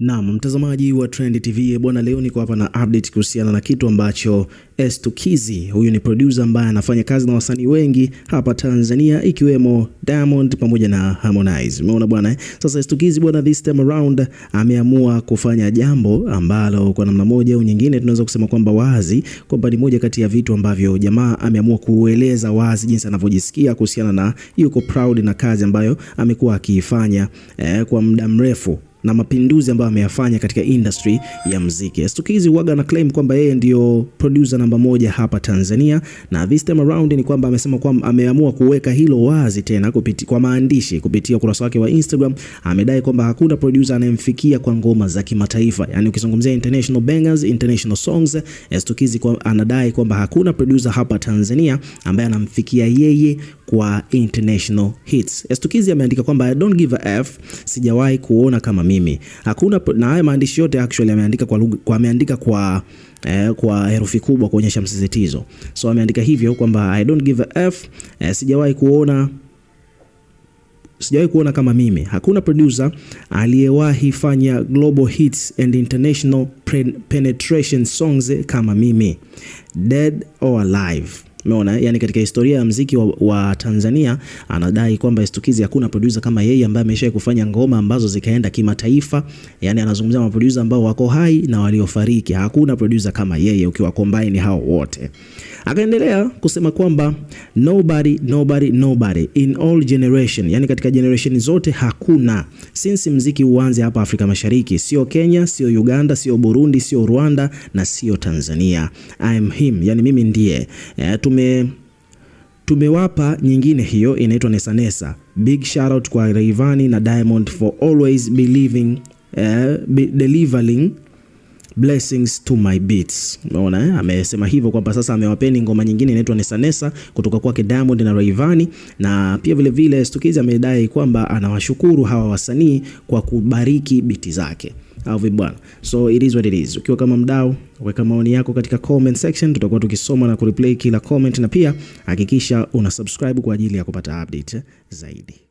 Naam, mtazamaji wa Trend TV bwana, leo niko hapa na update kuhusiana na kitu ambacho Estukizi, huyu ni producer ambaye anafanya kazi na wasanii wengi hapa Tanzania ikiwemo Diamond pamoja na Harmonize. Umeona bwana eh? Sasa Estukizi bwana, this time around ameamua kufanya jambo ambalo kwa namna moja au nyingine tunaweza kusema kwamba wazi kwamba ni moja kati ya vitu ambavyo jamaa ameamua kueleza wazi jinsi anavyojisikia kuhusiana na yuko proud na kazi ambayo amekuwa akiifanya eh, kwa muda mrefu na mapinduzi ambayo ameyafanya katika industry ya muziki. Stukizi hizi huaga na claim kwamba yeye ndio producer namba moja hapa Tanzania, na this time around ni kwamba amesema kwamba ameamua kuweka hilo wazi tena kupiti, kwa maandishi kupitia ukurasa wake wa Instagram. Amedai kwamba hakuna producer anayemfikia kwa ngoma za kimataifa, yani ukizungumzia international bangers, international songs, eh, Stukizi kwa, anadai kwamba hakuna producer hapa Tanzania ambaye anamfikia yeye kwa international hits. Eh, Stukizi ameandika kwamba I don't give a f, sijawahi kuona kama mimi. Hakuna na haya maandishi yote actually ameandika kwa lugha kwa ameandika kwa eh, kwa herufi kubwa kuonyesha msisitizo. So ameandika hivyo kwamba I don't give a f eh, sijawahi kuona sijawahi kuona kama mimi. Hakuna producer aliyewahi fanya global hits and international penetration songs kama mimi, dead or alive. Umeona, yani katika historia ya muziki wa, wa Tanzania anadai kwamba Stukizi hakuna producer kama yeye ambaye ameshawahi kufanya ngoma ambazo zikaenda kimataifa. Yani anazungumzia maproducer ambao wako hai na waliofariki, hakuna producer kama yeye ukiwa combine hao wote. Akaendelea kusema kwamba nobody, nobody, nobody in all generation, yani katika generation zote hakuna since mziki uanze hapa Afrika Mashariki, sio Kenya, sio Uganda, sio Burundi, sio Rwanda na sio Tanzania. I am him, yani mimi ndiye. eh, tume tumewapa nyingine hiyo inaitwa Nesanesa. Big shout out kwa Rayvanny na Diamond for always believing, eh, be delivering Blessings to my beats. Umeona eh? Amesema hivyo kwamba sasa amewapeni ngoma nyingine inaitwa Nesa Nesa kutoka kwake Diamond na Rayvanny, na pia vile vile Stukizi amedai kwamba anawashukuru hawa wasanii kwa kubariki biti zake au bwana. So it is what it is. Ukiwa kama mdau, weka maoni yako katika comment section, tutakuwa tukisoma na kureplay kila comment, na pia hakikisha una subscribe kwa ajili ya kupata update zaidi.